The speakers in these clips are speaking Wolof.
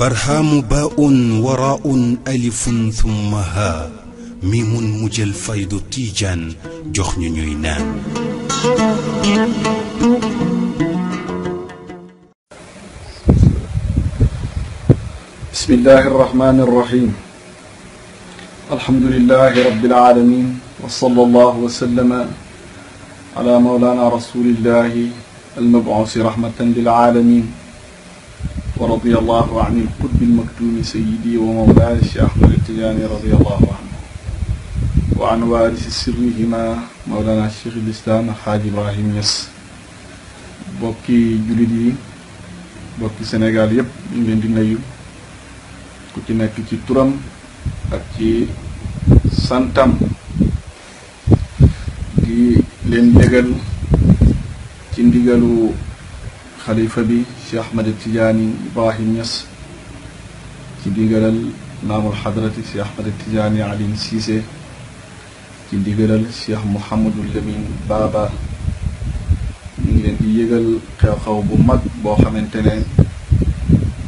برهام باء وراء ألف ثم ها ميم مجل فيض تيجان جخن نينان بسم الله الرحمن الرحيم الحمد لله رب العالمين وصلى الله وسلم على مولانا رسول الله المبعوث رحمة للعالمين ورضي الله عن القطب المكتوم سيدي ومولاي الشيخ أحمد التجاني رضي الله عنه وعن وارث سرهما مولانا الشيخ الإسلام الحاج إبراهيم يس بوكي جلدي بوكي سنغال يب من دين ngi leen di ترم أكي سنتم لين دغال تي ديغالو خليفه بي شيخ احمد التجاني ابراهيم نس تي ديغالال نام الحضره شيخ احمد التجاني علي نسيسه تي ديغالال شيخ محمد الامين بابا ني لين دي ييغال خاو خاو بو ماك بو خامتيني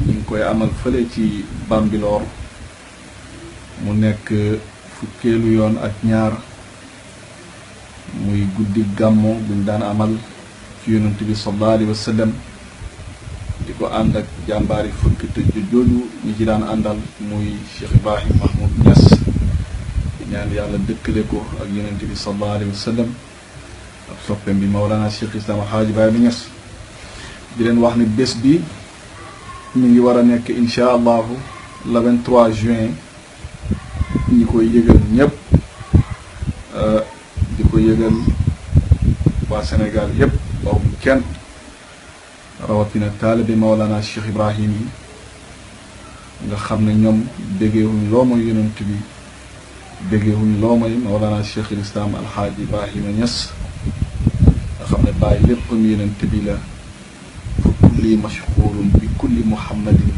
ني نكوي امال فلي تي بامبيلور مو نيك فوكيلو يون اك muy guddi gàmmu buñ daan amal ci yonent bi sallallahu alayhi di ko ànd ak jàmbaari fukki tëj jooju ñi ci daan àndal muy Cheikh Ibrahim Mahmoud Niass ñaan yàlla dëkkale ko ak yonent bi sallallahu alayhi wa sallam ak soppeem bi Maolana Cheikh Islam Xaaji Baay bi Niass di leen wax ni bés bi mu ngi war a nekk incha allahu le 23 juin ñi koy yëgal ñëpp yëgal waa Sénégal yépp bawuñ kenn rawatina taalibe Mawlana Cheikh Ibrahim yi nga xam ne ñoom déggeewuñ loo mooy yonent bi déggeewuñ loo mooy Mawlana Cheikh al Islam Alxaaji Ibrahima Niass nga xam ne bàyyi léppam yonent bi la fa kulli mashxuurun bi kulli muhammadin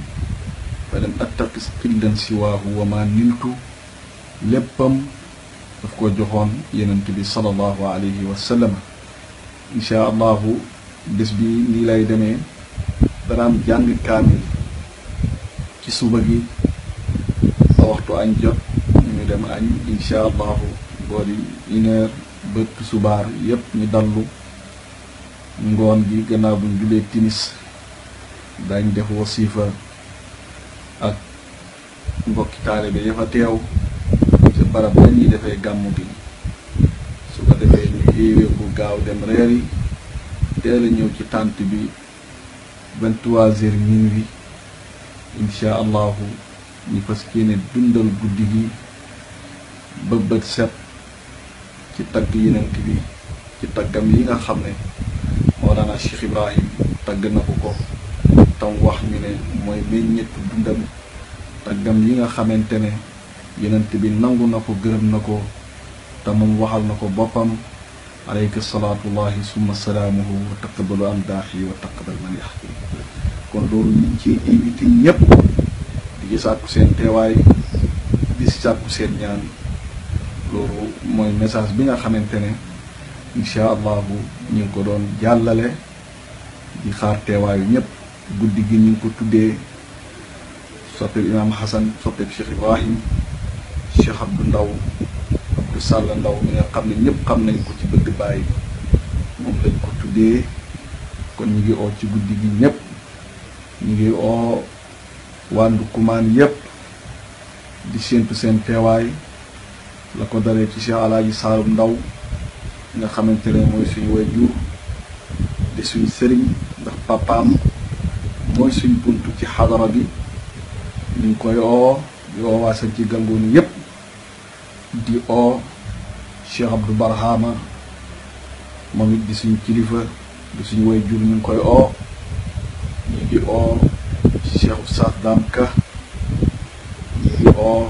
fa lam attaqis qillan siwaahu wa ma niltu léppam daf koo joxoon yenent bi sallallahu alayhi wa sallam insha allahu bés bi nii lay demee danaam jàng kaamil ci suba gi ba waxtu añ jot ñu dem añ insha allahu boori une heure ba tusubaar yépp ñu dallu ngoon gi gannaaw buñ julee timis dañ def wasifa ak mbokki taalibe ya fa teew barab la ñuy defee gamu bi su ko defee ñu éewee ko gaaw dem reeri teel a ñëw ci tànt bi vingt-trois minuit allahu ni fas yéene dundal guddi gi ba bët set ci tagg yenent bi ci taggam yi nga xam Cheikh Ibrahim tagg na ko ko tam wax ñu ne mooy meññetu dundam taggam yi nga ne yonent bi nangu na ko gërëm na ko te moom waxal na ko boppam aleyka salaatullahi summa salaamuhu wa taqabalu am daaxi wa taqabal man yax kon loolu ñu ci invité ñépp di ci sàkku seen teewaay di si sàkku seen ñaan loolu mooy message bi nga xamante ne incha allahu ñu ngi ko doon jàllale di xaar teewaayu ñépp guddi gi ñu ngi ko tuddee soppeeb imaam Xasan soppeeb Cheikh Ibrahim Cheikh Abdou Ndaw Abdou Sall Ndaw mi nga xam ne ñëpp xam nañ ko ci bëgg bàyyi moom lañ ko tuddee kon ñu ngi oo ci guddi gi ñëpp ñu ngi oo waa Ndoukoumane yëpp di séentu seen teewaay la ko daree ci Cheikh Alaaji Saalum Ndaw nga xamante ne mooy suñu waajur di suñu sëriñ ndax papaam mooy suñ buntu ci xadara bi ñu ngi koy oo di waa sa ci gangoon yëpp di o cheikh abdou barhama momit di suñu kilifa di suñu way jur ñu koy o ñi di o cheikh oussad damka ka ñi di o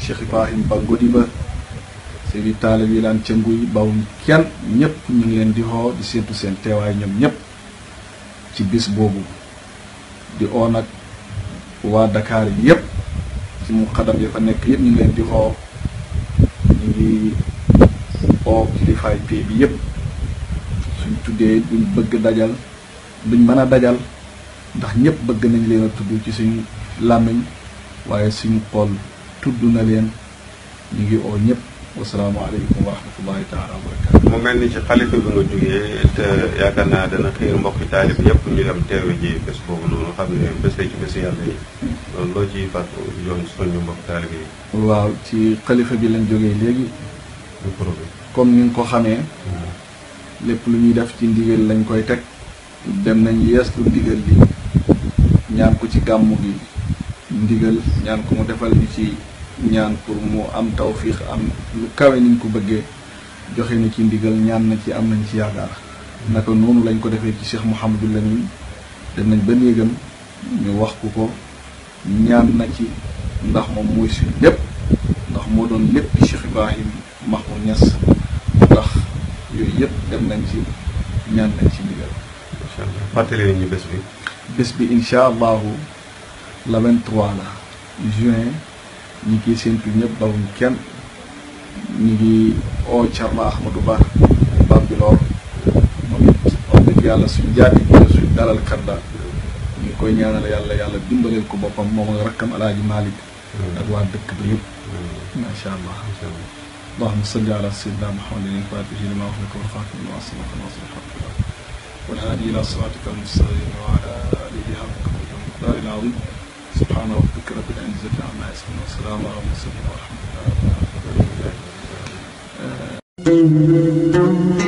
cheikh ibrahim ba godiba seeni lan yi daan cënguy bawuñ kenn ñëpp ñu ngi len di ho di sentu sen teway ñom ñëpp ci bis bobu di oo nak wa dakar yëpp ci mu xadam ya fa nek yëpp ñu ngi di ho ngi oo kilifaay pay bi yépp suñ tuddee duñ bëgg dajal duñ mën a dajal ndax ñëpp bëgg nañ leen a tudd ci suñu làmmiñ waaye suñ xol tudd na leen ñu ngi oo ñëpp wasalaamaaleykum wa rahmatullahi taala wa barakatu mu mel ni ci xalifa bi nga jógee te yaakaar naa dana xiir mbokki taalib yépp ñu dem teewe ji bés boobu noonu xam ne bésee ci bési yàlla yi loo ciy fàttali yoon suñu mbokk taalibe yi. waaw ci xalifa bi lañ jógee léegi. comme ni nga ko xamee. Hmm. lépp lu ñuy def ci ndigal lañ koy teg. dem nañ yeeslu ndigal li ñaan ko ci gàmmu gi ndigal ñaan ko mu defal ñu ci ñaan pour mu am tawfiix am lu kawe niñ ko bëggee joxe na ci ndigal ñaan na ci am nañ ci yaakaar. naka noonu lañ ko defee ci Cheikh Mouhamadou Lamine dem nañ ba néegam ñu wax ku ko. ñaan na ci ndax moom mooy suñu lépp ndax moo doon lépp Cheikh Ibrahim ñas Niass tax yooyu yëpp dem nañ ci ñaan nañ ci ndigal. incha allah fàttali ñu bés bi. bés bi incha allahu la 23 la juin ñi ngi séntu ñëpp bawuñ kenn ñi ngi oo Thierno Ahmadou Ba Bambilor moom it wax dëgg yàlla suñu jaati suñu dalal kan koy ñaanal yàlla yàlla dimbaleel ko boppam moom ak rakkam alaaji Malick ak waa dëkk bi yëpp macha allah allahuma salli ala sayyidina muhammadin al-fatihi lima ughliqa wal khatimi lima sabaqa nasr al-haqq wal hadi ila siratika al-mustaqim wa ala alihi haqqa qadrihi al-azim subhana rabbika rabbil izzati amma yasifun wa salamun ala al-mursalin walhamdulillahi rabbil alamin